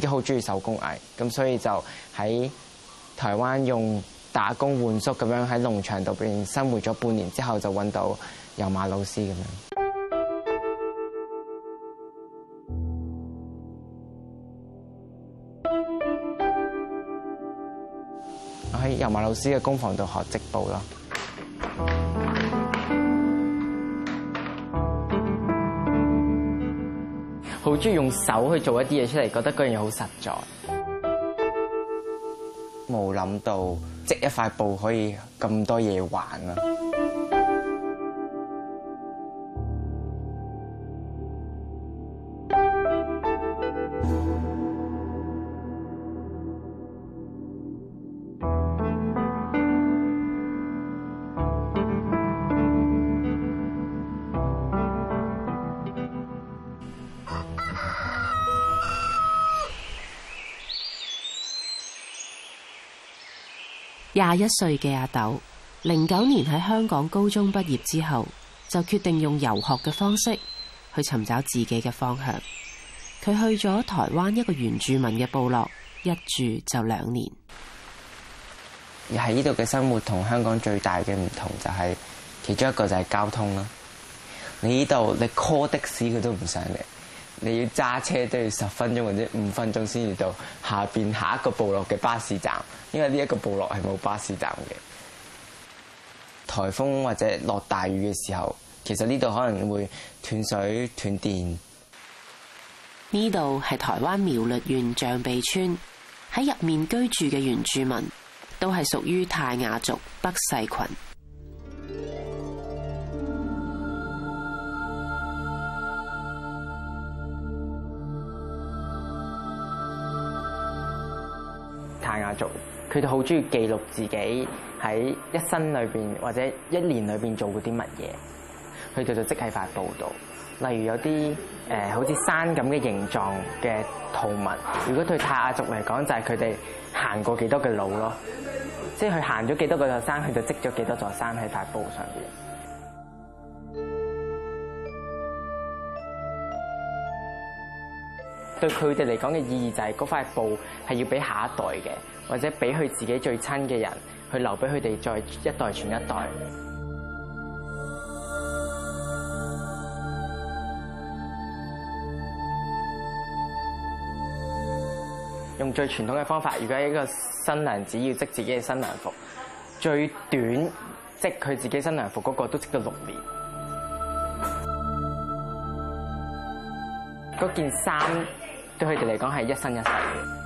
自己好鍾意手工藝，咁所以就喺台灣用打工換宿咁樣喺農場度邊生活咗半年之後，就揾到尤瑪老師咁樣。我喺尤瑪老師嘅工房度學織布咯。好中意用手去做一啲嘢出嚟，覺得嗰樣嘢好實在。冇諗到，織一塊布可以咁多嘢玩啊！廿一歲嘅阿豆，零九年喺香港高中畢業之後，就決定用遊學嘅方式去尋找自己嘅方向。佢去咗台灣一個原住民嘅部落，一住就兩年。而喺呢度嘅生活同香港最大嘅唔同就係、是，其中一個就係交通啦。你呢度你 call 的士佢都唔上嚟。你要揸車都要十分鐘或者五分鐘先至到下面下一個部落嘅巴士站，因為呢一個部落係冇巴士站嘅。颱風或者落大雨嘅時候，其實呢度可能會斷水斷電。呢度係台灣苗栗縣象鼻村，喺入面居住嘅原住民都係屬於泰雅族北勢群。做佢哋好中意記錄自己喺一生裏邊或者一年裏邊做過啲乜嘢，佢哋就即係織喺塊布度。例如有啲誒、呃、好似山咁嘅形狀嘅圖物。如果對泰雅族嚟講，就係佢哋行過幾多嘅路咯，即係佢行咗幾多個座山，佢就積咗幾多座山喺塊布上邊。對佢哋嚟講嘅意義就係、是、嗰塊布係要俾下一代嘅。或者俾佢自己最親嘅人去留俾佢哋，再一代傳一代。用最傳統嘅方法，如果一個新娘子要織自己嘅新娘服，最短織佢自己嘅新娘服嗰個都織到六年。嗰件衫對佢哋嚟講係一生一世嘅。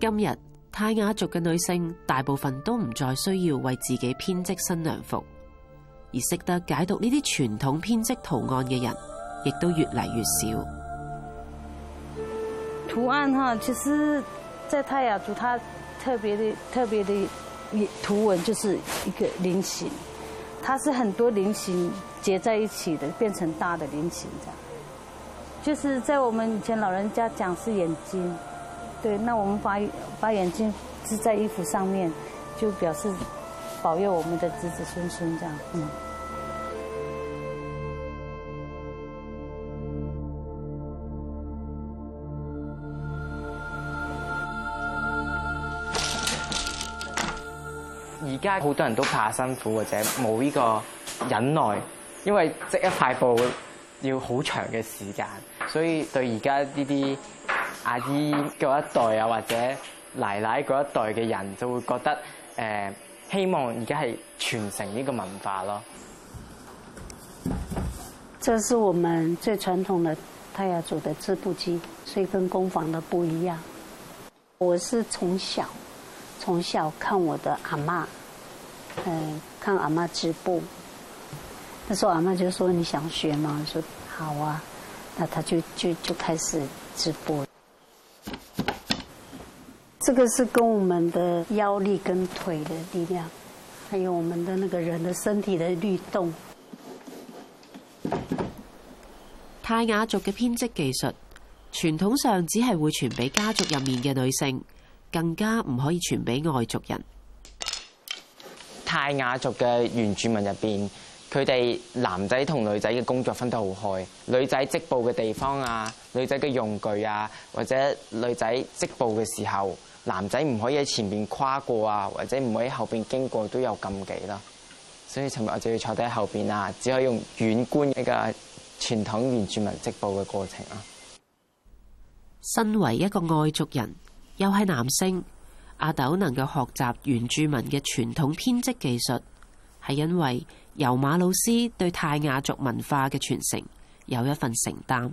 今日泰雅族嘅女性大部分都唔再需要為自己編織新娘服，而識得解讀呢啲傳統編織圖案嘅人，亦都越嚟越少。圖案哈，其實在泰雅族，它特別的、特別的圖文，就是一個菱形，它是很多菱形結在一起的，變成大的菱形。這樣，就是在我們以前老人家講，是眼睛。對，那我們把把眼睛織在衣服上面，就表示保佑我們的子子孫孫這樣。嗯。而家好多人都怕辛苦或者冇呢個忍耐，因為織一塊布要好長嘅時間，所以對而家呢啲。阿姨嗰一代啊，或者奶奶嗰一代嘅人就會覺得誒、呃、希望而家係傳承呢個文化咯。這是我們最傳統的泰雅族的織布機，所以跟工坊的不一樣。我是從小從小看我的阿媽，嗯、呃，看阿媽織布。那時候阿媽就說你想學嘛？說好啊，那她就就就開始織布。這個是跟我們的腰力跟腿的力量，還有我們的那個人的身體的律動。泰雅族嘅編織技術傳統上只係會傳俾家族入面嘅女性，更加唔可以傳俾外族人。泰雅族嘅原住民入邊，佢哋男仔同女仔嘅工作分得好開，女仔織布嘅地方啊，女仔嘅用具啊，或者女仔織布嘅時候，男仔唔可以喺前面跨過啊，或者唔可以後邊經過都有禁忌啦。所以尋日，我就要坐低喺後邊啊，只可以用遠觀一個傳統原住民織布嘅過程啊。身為一個外族人，又係男性，阿斗能夠學習原住民嘅傳統編織技術，係因為尤瑪老師對泰雅族文化嘅傳承有一份承擔。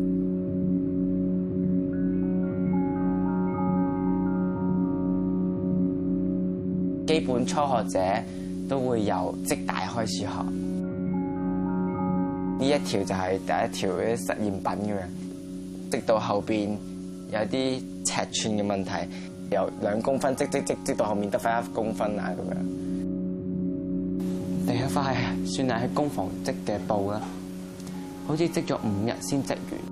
初學者都會由織大開始學，呢一條就係第一條啲實驗品咁樣，直到後邊有啲尺寸嘅問題，由兩公分織織織織，直到後面得返一公分啊咁樣。第一塊算係喺工房織嘅布啦，好似織咗五日先織完。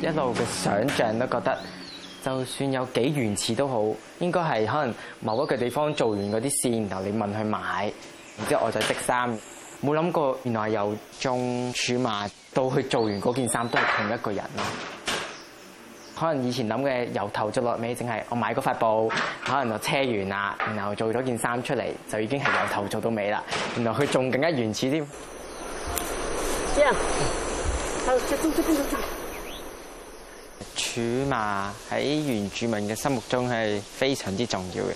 一路嘅想象都覺得，就算有幾原始都好，應該係可能某一個地方做完嗰啲線，然後你問佢買，然之後我就織衫。冇諗過，原來由種苧麻到去做完嗰件衫，都係同一個人咯。可能以前諗嘅由頭做落尾，淨係我買嗰塊布，可能我車完啦，然後做咗件衫出嚟，就已經係由頭做到尾啦。原來佢仲更加原始添。苧麻喺原住民嘅心目中係非常之重要嘅，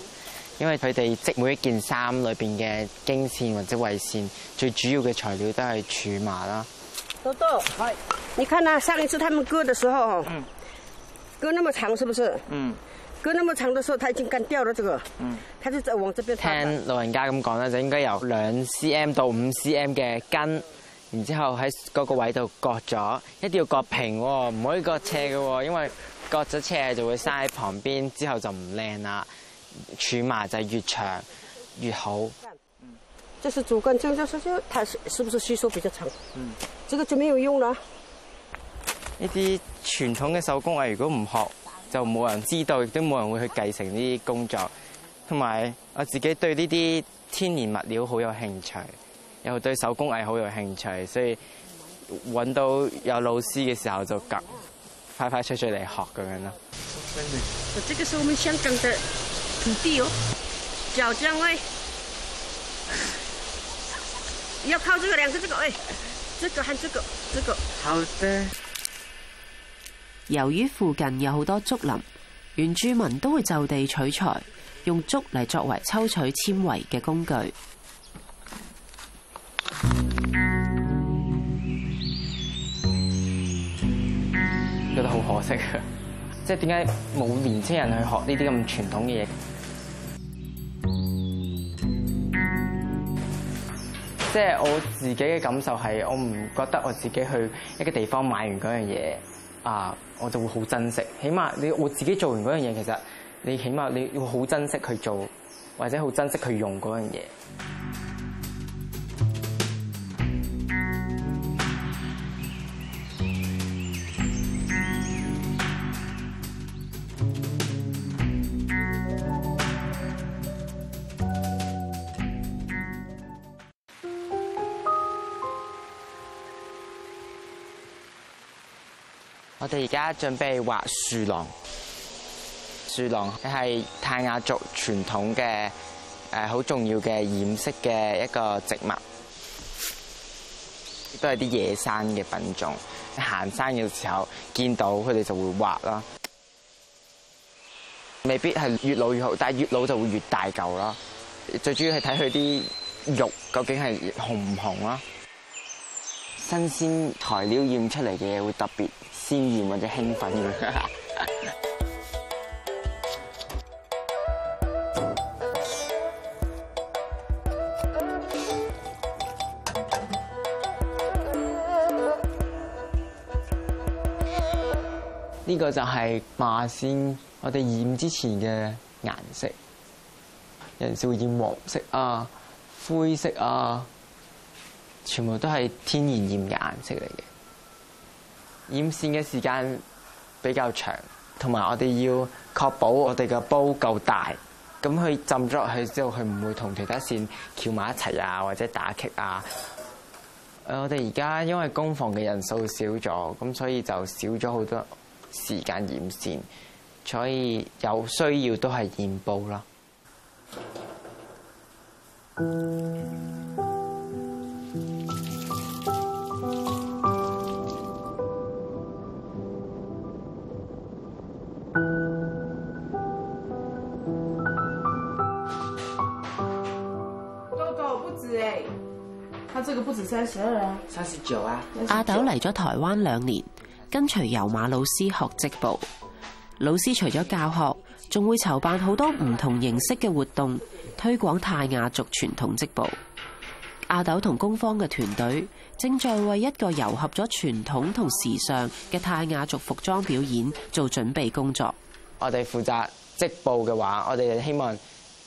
因為佢哋織每一件衫裏邊嘅經線或者緯線，最主要嘅材料都係苧麻啦。多多，係，你看啦、啊，上一次他們割的時候，嗯、割那麼長，是不是？嗯，割那麼長的時候，他已經乾掉了這個，嗯，他就在往這邊。聽老人家咁講咧，就應該有兩 cm 到五 cm 嘅根。然之後喺嗰個位度割咗，一定要割平喎，唔可以割斜嘅喎，因為割咗斜就會嘥喺旁邊，之後就唔靚啦。苧麻就係越長越好。嗯，就是竹根，就就就，它是不是吸收比較長？嗯，這個做咩用呢？呢啲傳統嘅手工藝，我如果唔學，就冇人知道，亦都冇人會去繼承呢啲工作。同埋我自己對呢啲天然物料好有興趣。又對手工藝好有興趣，所以揾到有老師嘅時候就夾快快脆脆嚟學咁樣咯。這個是我們香港的土地哦，小將位，要靠這個兩個竹竿，這個係這個這個。好的。由於附近有好多竹林，原住民都會就地取材，用竹嚟作為抽取纖維嘅工具。覺得好可惜啊，即係點解冇年青人去學呢啲咁傳統嘅嘢？即係 我自己嘅感受係，我唔覺得我自己去一個地方買完嗰樣嘢啊，我就會好珍惜。起碼你我自己做完嗰樣嘢，其實你起碼你要好珍惜去做，或者好珍惜去用嗰樣嘢。我哋而家準備畫薯榔。薯榔係泰雅族傳統嘅誒好重要嘅染色嘅一個植物，都係啲野生嘅品種。行山嘅時候見到佢哋就會畫囉，未必係越老越好，但係越老就會越大嚿囉。最主要係睇佢啲肉究竟係紅唔紅囉。新鮮材料染出嚟嘅嘢會特別鮮豔或者興奮嘅。呢個就係麻線，我哋染之前嘅顏色，有陣時會染黃色啊、灰色啊。全部都係天然染嘅顏色嚟嘅，染線嘅時間比較長，同埋我哋要確保我哋嘅煲夠大，咁佢浸咗落去之後，佢唔會同其他線翹埋一齊啊，或者打劇啊。誒，我哋而家因為工房嘅人數少咗，咁所以就少咗好多時間染線，所以有需要都係染煲囉。嗯。這個不止三十二啊，三十九啊。阿斗嚟咗台灣兩年，跟隨游馬老師學織布。老師除咗教學，仲會籌辦好多唔同形式嘅活動，推廣泰雅族傳統織布。阿斗同工坊嘅團隊正在為一個糅合咗傳統同時尚嘅泰雅族服裝表演做準備工作。我哋負責織布嘅話，我哋希望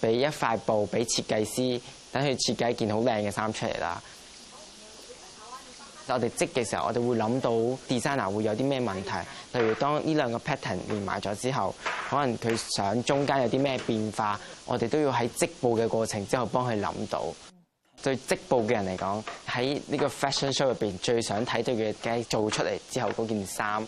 俾一塊布俾設計師，等佢設計一件好靚嘅衫出嚟啦。我哋織嘅時候，我哋會諗到 designer 會有啲咩問題，例如當呢兩個 pattern 連埋咗之後，可能佢想中間有啲咩變化，我哋都要喺織布嘅過程之後幫佢諗到。對織布嘅人嚟講，喺呢個 fashion show 入邊最想睇到嘅，梗係做出嚟之後嗰件衫。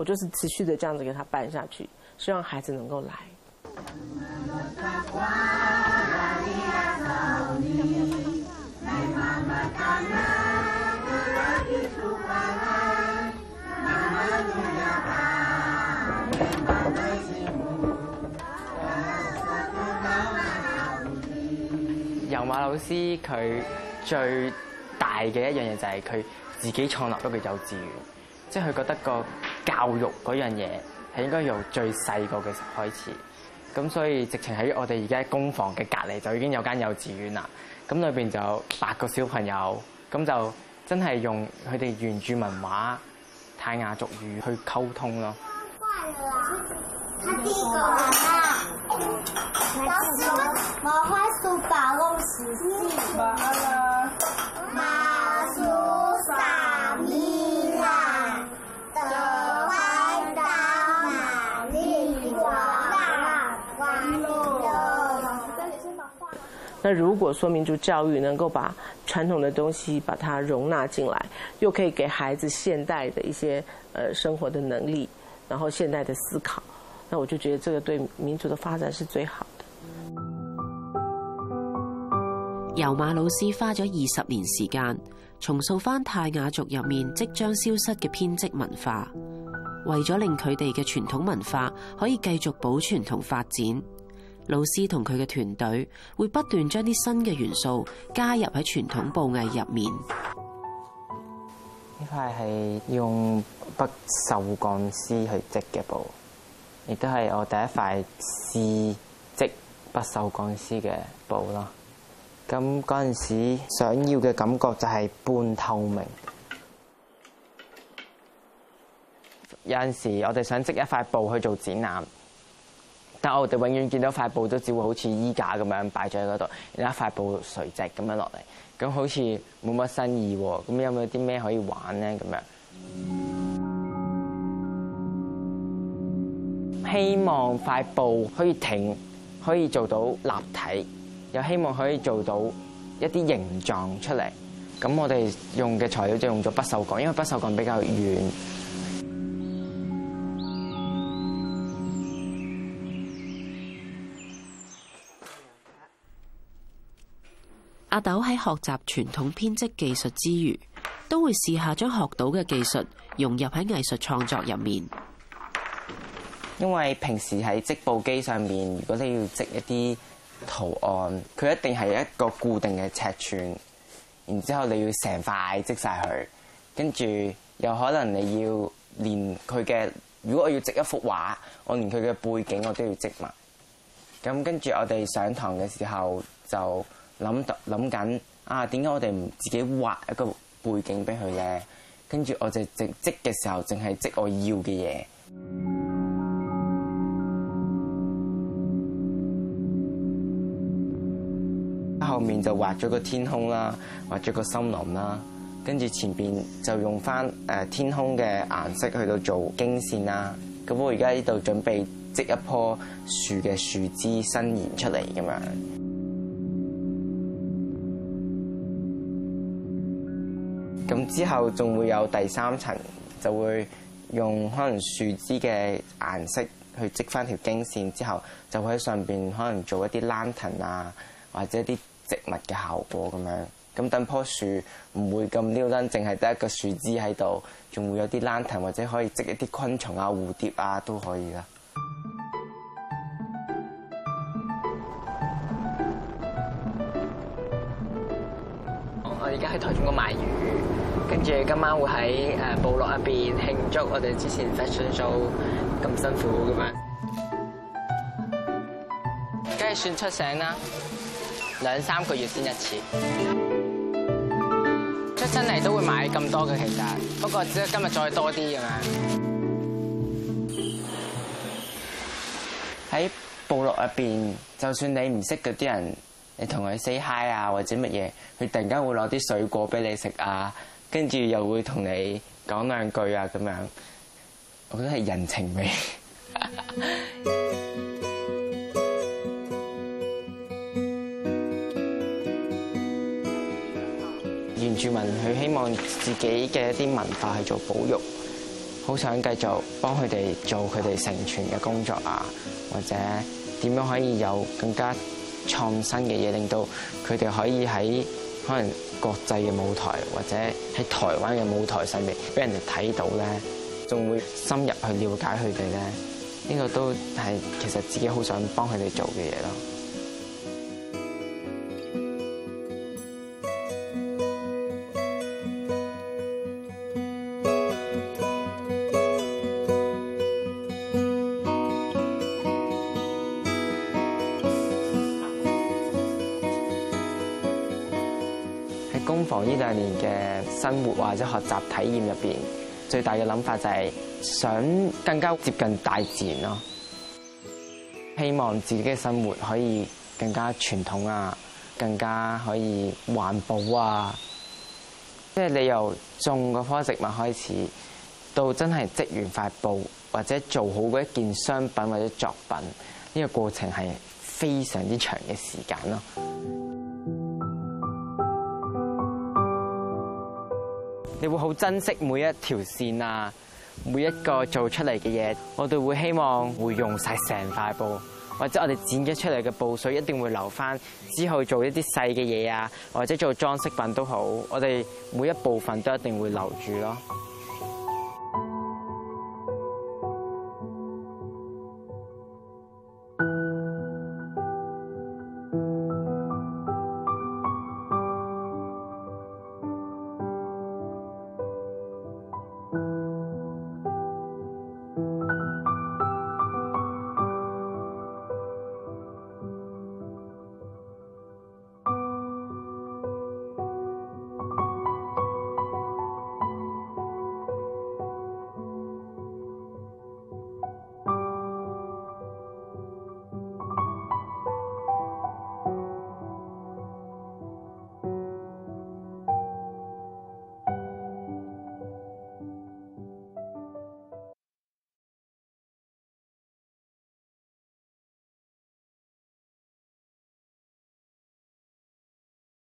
我就是持續的這樣子給他辦下去，希望孩子能夠來。媽媽的花兒哪裏呀？離別媽媽的花兒哪裏呀？尤瑪老師，佢最大嘅一樣嘢就係佢自己創立咗個幼稚園，即係佢覺得個教育嗰樣嘢係應該由最細個嘅開始，咁所以直情喺我哋而家工房嘅隔離就已經有一間幼稚園啦，咁裏邊就有八個小朋友，咁就真係用佢哋原住文化泰雅族語去溝通咯。快啦，快啲講啦，老、嗯、師，我快書包落去。那如果說民族教育能夠把傳統的東西把它容納進來，又可以給孩子現代的一些呃生活的能力，然後現代的思考，那我就覺得這個對民族的發展是最好的。尤瑪老師花咗二十年時間，重塑翻泰雅族入面即將消失嘅編織文化，為咗令佢哋嘅傳統文化可以繼續保存同發展。老師同佢嘅團隊會不斷將啲新嘅元素加入喺傳統布藝入面。呢塊係用不鏽鋼絲去織嘅布，亦都係我第一塊試織不鏽鋼絲嘅布啦。咁嗰陣時候想要嘅感覺就係半透明。有陣時候我哋想織一塊布去做展覽。但係我哋永遠見到塊布都只會好似衣架咁樣擺咗喺嗰度，然後一塊布垂直咁樣落嚟，咁好似冇乜新意喎。咁有冇啲咩可以玩咧？咁樣希望塊布可以挺，可以做到立體，又希望可以做到一啲形狀出嚟。咁我哋用嘅材料就用咗不鏽鋼，因為不鏽鋼比較軟。阿斗喺學習傳統編織技術之餘，都會試下將學到嘅技術融入喺藝術創作入面。因為平時喺織布機上面，如果你要織一啲圖案，佢一定係一個固定嘅尺寸，然之後你要成塊織晒佢，跟住又可能你要連佢嘅。如果我要織一幅畫，我連佢嘅背景我都要織埋。咁跟住我哋上堂嘅時候就。諗諗緊啊，點解我哋唔自己畫一個背景俾佢咧？跟住我就織嘅時候，淨係織我要嘅嘢。後面就畫咗個天空啦，畫咗個森林啦。跟住前邊就用返誒天空嘅顏色去到做經線啦。咁我而家呢度準備織一棵樹嘅樹枝伸延出嚟咁樣。咁之後仲會有第三層，就會用可能樹枝嘅顏色去織翻條經線之後，就會喺上面可能做一啲籃藤啊，或者啲植物嘅效果咁樣。咁等棵樹唔會咁彆扭，淨係得一個樹枝喺度，仲會有啲籃藤，或者可以織一啲昆蟲啊、蝴蝶啊都可以啦。跟住今晚會喺誒部落入邊慶祝我哋之前 fashion show 咁辛苦咁樣，梗係算出醒啦，兩三個月先一次出真嚟都會買咁多嘅，其實不過只係今日再多啲咁啊。喺部落入邊，就算你唔識嗰啲人，你同佢 say hi 啊，或者乜嘢，佢突然間會攞啲水果俾你食啊。跟住又會同你講兩句啊咁樣，我覺得係人情味。原住民佢希望自己嘅一啲文化去做保育，好想繼續幫佢哋做佢哋成全嘅工作啊，或者點樣可以有更加創新嘅嘢，令到佢哋可以喺，可能國際嘅舞台，或者喺台灣嘅舞台上面，俾人哋睇到咧，仲會深入去了解佢哋咧，呢個都係其實自己好想幫佢哋做嘅嘢咯。生活或者學習體驗入邊，最大嘅諗法就係想更加接近大自然咯。希望自己嘅生活可以更加傳統啊，更加可以環保啊。即係你由種嗰棵植物開始，到真係織完塊布或者做好嗰一件商品或者作品，呢個過程係非常之長嘅時間咯。你會好珍惜每一條線啊，每一個做出嚟嘅嘢，我哋會希望會用晒成塊布，或者我哋剪咗出嚟嘅布碎一定會留返之後做一啲細嘅嘢啊，或者做裝飾品都好，我哋每一部分都一定會留住咯。